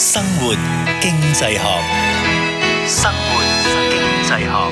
生活經濟學，生活經濟學，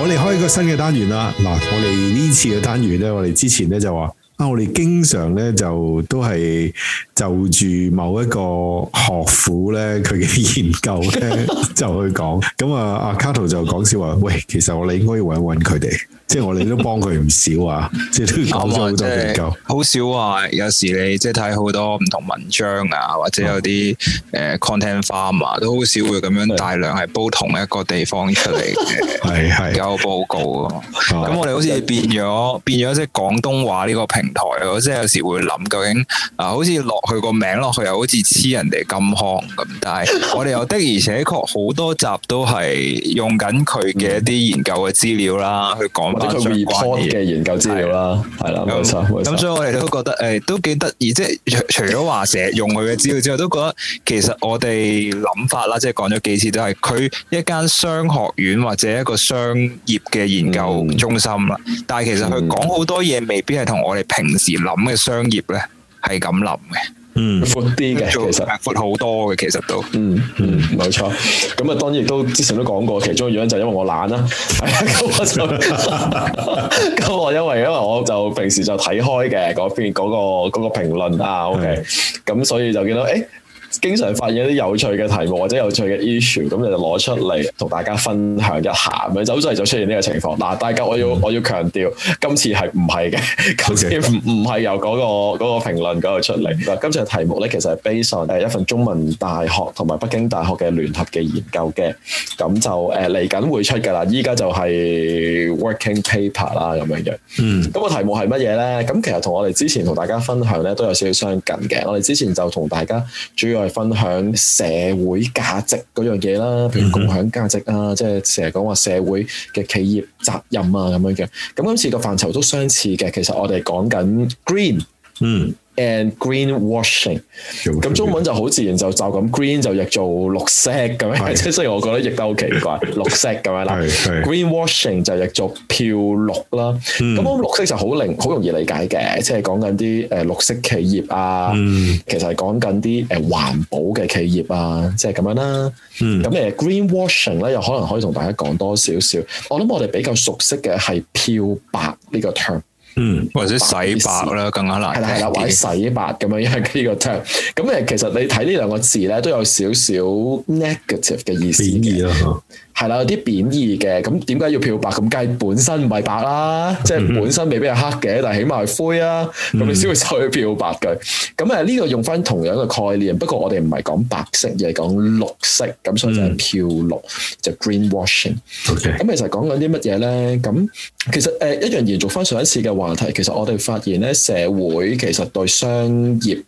我哋開一個新嘅單元喇。嗱，我哋呢次嘅單元呢，我哋之前呢就話。啊！我哋經常咧就都係就住某一個學府咧，佢嘅研究咧就去講。咁啊，阿卡圖就講笑話，喂，其實我哋應該要搵一搵佢哋， 即係我哋都幫佢唔少啊， 即係都搞咗好多研究。好、就係、少啊！有時你即係睇好多唔同文章啊，或者有啲、嗯呃、content farm 啊，都好少會咁樣大量係煲同一個地方出嚟嘅。係係有報告啊！咁 我哋好似變咗 變咗，即係廣東話呢個評。台我即係有時會諗究竟啊，好似落去個名落去又好似黐人哋金康咁，但係我哋又的而且確好多集都係用緊佢嘅一啲研究嘅資料啦，去講翻相關嘅研究資料啦，嗯、係啦冇錯咁所以我哋都覺得誒、欸、都幾得意，即係除咗話成日用佢嘅資料之外，都覺得其實我哋諗法啦，即係講咗幾次都係佢一間商學院或者一個商業嘅研究中心啦、嗯，但係其實佢講好多嘢未必係同我哋。平時諗嘅商業咧，係咁諗嘅，嗯，闊啲嘅，其實闊好多嘅，其實都，嗯嗯，冇錯。咁啊，當然亦都之前都講過，其中一樣就就因為我懶啦，咁 我因為因為我就平時就睇開嘅嗰邊嗰個、嗰個評論啊，OK，咁所以就見到誒。欸，經常發現一啲有趣嘅題目或者有趣嘅 issue，咁你就攞出嚟同大家分享一下。咪走出嚟就出現呢個情況。嗱，大家我要我要強調，今次係唔係嘅？今次唔唔係由嗰個嗰、嗰個評論嗰度出嚟，嗯。今次嘅題目咧，其實係 based on 一份中文大學同埋北京大學嘅聯合嘅研究嘅。咁就誒嚟緊會出㗎啦。依家就係 working paper 啦咁樣樣。咁，嗯咁個題目係乜嘢咧？咁其實同我哋之前同大家分享咧都有少少相近嘅。我哋之前就同大家主要分享社會價值嗰樣嘢啦，譬如共享價值啊、嗯，即係成日講話社會嘅企業責任啊咁樣嘅，咁今次個範疇都相似嘅。其實我哋講緊 green，嗯。And green washing，咁、嗯、中文就好自然就就咁，green 就譯做綠色咁樣，即係雖然我覺得亦都好奇怪， 綠色咁樣啦。Green washing 就譯做漂綠啦。咁、嗯、我綠色就好靈，好容易理解嘅，即係講緊啲誒綠色企業啊、嗯，其實係講緊啲誒環保嘅企業啊，即係咁樣啦。咁誒，green washing 咧，又可能可以同大家講多少少。我諗我哋比較熟悉嘅係漂白呢個 term。嗯，或者洗白啦，更加難。係啦係啦，或者洗白咁樣，因為呢個 term。咁誒，其實你睇呢兩個字咧，都有少少 negative 嘅意思。係啦，有啲貶義嘅，咁點解要漂白？咁梗係本身唔係白啦，即、嗯、係本身未必係黑嘅，但係起碼係灰啊，咁、嗯、你先會走去漂白嘅。咁啊，呢個用翻同樣嘅概念，不過我哋唔係講白色，而係講綠色，咁所以就係漂綠，嗯、就係、green washing。咁、okay. 其實講緊啲乜嘢咧？咁其實誒一樣延續翻上一次嘅話題，其實我哋發現咧，社會其實對商業、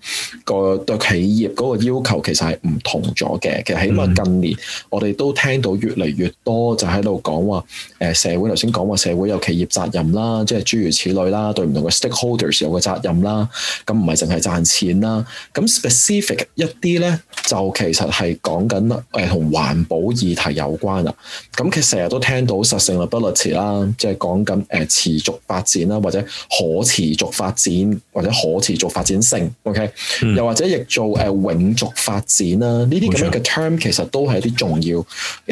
個對企業嗰個要求其實係唔同咗嘅。其實起碼近年我哋都聽到越嚟越多就喺度講話，誒社會頭先講話社會有企業責任啦，即係諸如此類啦，對唔同嘅 stakeholders 有個責任啦。咁唔係淨係賺錢啦。咁 specific 一啲咧，就其實係講緊誒同環保議題有關啦。咁其實成日都聽到 sustainability 啦，即係講緊誒持續發展啦，或者可持續發展或者可持續發展性。OK，嗯，又或者亦做誒永續發展啦。呢啲咁樣嘅 term 其實都係一啲重要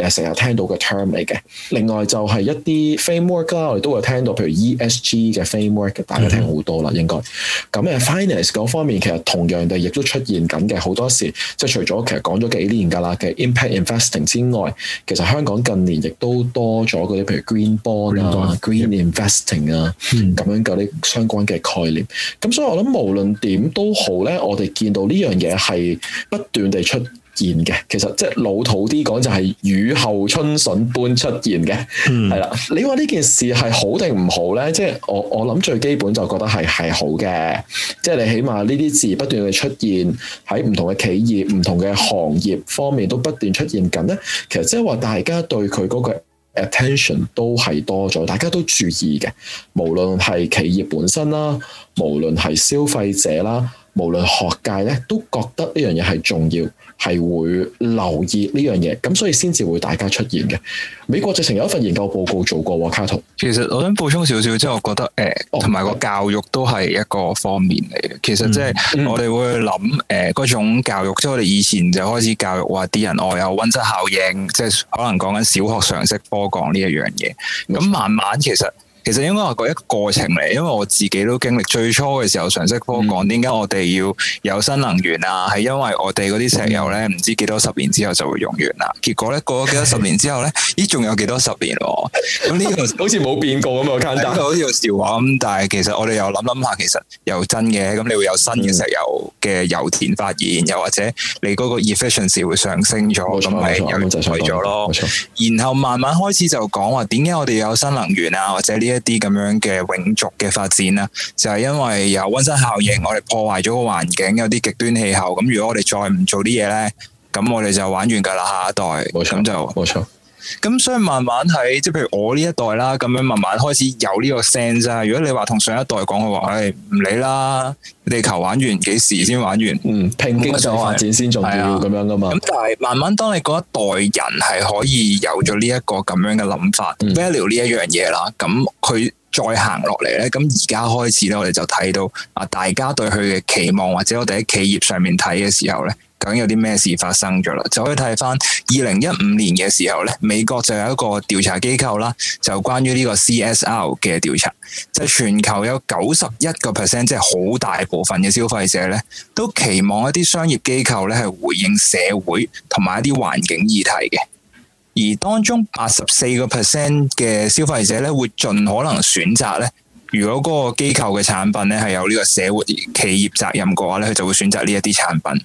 誒，成日聽到嘅 term 嚟嘅，另外就係一啲 framework 啦，我哋都有聽到，譬如 ESG 嘅 framework，大家聽好多啦，應該咁誒，finance 嗰方面其實同樣地亦都出現緊嘅，好多時，即係除咗其實講咗幾年噶啦嘅 impact investing 之外，其實香港近年亦都多咗嗰啲譬如 green bond 啊、green, green investing 啊咁、mm -hmm. 樣嘅啲相關嘅概念。咁所以我諗無論點都好咧，我哋見到呢樣嘢係不斷地出現嘅其實，即係老土啲講就係雨後春筍般出現嘅，係啦。你話呢件事係好定唔好咧？即係我我諗最基本就覺得係係好嘅，即係你起碼呢啲字不斷嘅出現，喺唔同嘅企業、唔同嘅行業方面都不斷出現緊咧。其實即係話大家對佢嗰個 attention 都係多咗，大家都注意嘅，無論係企業本身啦，無論係消費者啦。無論學界咧，都覺得呢樣嘢係重要，係會留意呢樣嘢，咁所以先至會大家出現嘅。美國最近有一份研究報告做過喎，卡圖。其實我想補充少少，即係我覺得誒，同埋個教育都係一個方面嚟嘅，嗯。其實即係我哋會諗誒嗰種教育，即係我哋以前就開始教育話啲人外有溫室效應，即係可能講緊小學常識科講呢一樣嘢。咁慢慢其實。其實應該係嗰一個過程嚟，因為我自己都經歷，最初嘅時候常識科講點解我哋要有新能源啊，係、嗯、因為我哋嗰啲石油咧唔知幾多十年之後就會用完啦。結果咧過咗幾多十年之後咧， 咦仲有幾多十年喎？咁呢個好似冇變過咁啊！簡單，好似個笑話咁。但係其實我哋又諗諗下，其實又真嘅。咁你會有新嘅石油嘅油田發現，嗯、又或者你嗰個 efficiency 會上升咗，咁咪有咁多咗咯。冇錯、然後慢慢開始就講話點解我哋有新能源啊，或者呢一啲咁樣嘅永續嘅發展啦，就係因為有溫室效應，我哋破壞咗個環境，有啲極端氣候。咁如果我哋再唔做啲嘢呢，咁我哋就玩完噶啦，下一代。冇錯，咁就冇錯。咁所以慢慢係，即係譬如我呢一代啦，咁樣慢慢開始有呢個 sense 啊。如果你話同上一代講嘅話，唉、欸，唔理啦，地球玩完幾時先玩完？嗯，拼經濟發展先重要咁，嗯啊，樣噶嘛。咁但係慢慢當你嗰一代人係可以有咗呢，嗯、一個咁樣嘅諗法，value 呢一樣嘢啦，咁佢再行落嚟咧，咁而家開始咧，我哋就睇到啊，大家對佢嘅期望或者我哋喺企業上面睇嘅時候咧。究竟有啲咩事發生咗啦？就可以睇返二零一五年嘅時候咧，美國就有一個調查機構啦，就關於呢個 CSR 嘅調查，就全球有九十一個 percent，即係好大部分嘅消費者咧，都期望一啲商業機構咧係回應社會同埋一啲環境議題嘅。而當中八十四個 percent 嘅消費者咧，會盡可能選擇咧，如果嗰個機構嘅產品咧係有呢個社會企業責任嘅話咧，佢就會選擇呢一啲產品。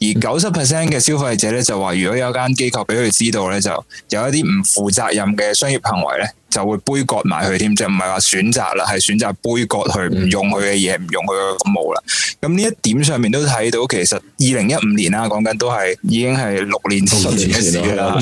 而九十 percent 嘅消費者咧就話，如果有間機構俾佢知道咧，就有一啲唔負責任嘅商業行為咧，就會杯葛埋佢添，就唔係話選擇啦，係選擇杯葛佢，唔用佢嘅嘢，唔用佢嘅服務啦。咁呢一點上面都睇到，其實二零一五年啦，講緊都係已經係六年前嘅事啦。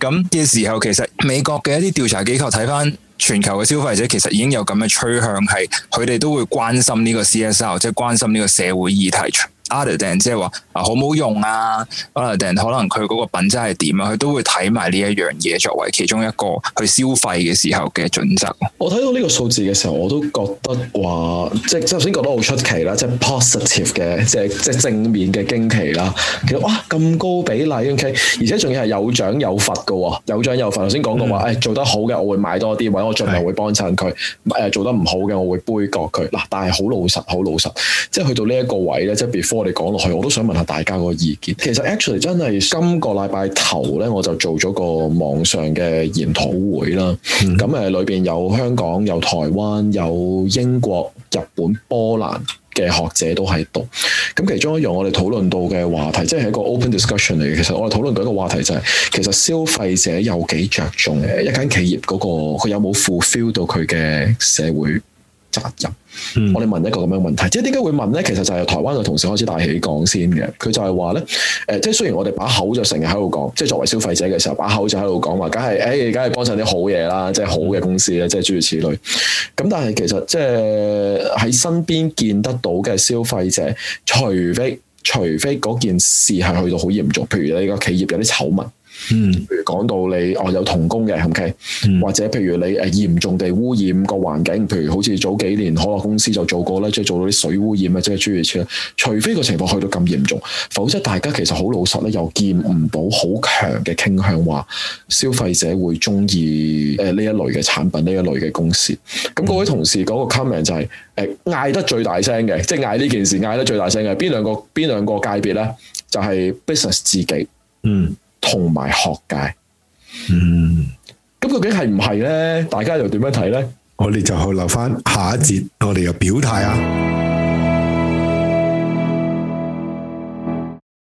咁嘅時候，其實美國嘅一啲調查機構睇翻全球嘅消費者，其實已經有咁嘅趨向，係佢哋都會關心呢個 CSR，即係關心呢個社會議題。阿拉丁即係話啊，好唔好用啊？阿拉丁可能佢嗰個品質係點啊？佢都會睇埋呢一樣嘢作為其中一個去消費嘅時候嘅準則。我睇到呢個數字嘅時候，我都覺得話即係頭先覺得好出奇啦，即係 positive 嘅，即係即係正面嘅驚奇啦。其實哇咁高比例，OK，而且仲要係有獎有罰噶，有獎有罰。頭先講過話，誒、哎、做得好嘅我會買多啲，或者我盡量會幫襯佢。誒，做得唔好嘅我會杯葛佢嗱，但係好老實，好老實，即係去到呢一個位咧，即係 before。我哋講落去，我都想問下大家個意見。其實 actually 真係今個禮拜頭咧，我就做咗個網上嘅研討會啦。咁誒，裏邊有香港、有台灣、有英國、日本、波蘭嘅學者都喺度。咁其中一樣我哋討論到嘅話題，即係一個 open discussion 嚟嘅。其實我哋討論到一個話題就係，其實消費者有幾着重嘅一間企業嗰個佢有冇 fulfill 到佢嘅社會責任，嗯、我哋問一個咁樣問題，即係點解會問咧？其實就係台灣嘅同事開始大起講先嘅，佢就係話咧，誒、呃，即係雖然我哋把口就成日喺度講，即係作為消費者嘅時候，把口就喺度講話，梗係誒，梗係幫襯啲好嘢啦，嗯，即係好嘅公司咧，即係諸如此類。咁但係其實即係喺身邊見得到嘅消費者，除非除非嗰件事係去到好嚴重，譬如你個企業有啲醜聞。嗯，譬如講到你哦有童工嘅，ok，、嗯、或者譬如你誒嚴重地污染個環境，譬如好似早幾年可樂公司就做過咧，即係做到啲水污染啊，即係朱瑞超諸如此類，除非個情況去到咁嚴重，否則大家其實好老實咧，又見唔到好強嘅傾向話，消費者會中意誒呢一類嘅產品，呢、嗯、一類嘅公司。咁各位同事講個 comment 就係誒嗌得最大聲嘅，即係嗌呢件事嗌得最大聲嘅，邊兩個邊兩個界別咧，就係、是、business 自己，嗯。同埋學界，嗯，咁究竟係唔係呢？大家又點樣睇呢？我哋就去留翻下，下一節，我哋又表態啊！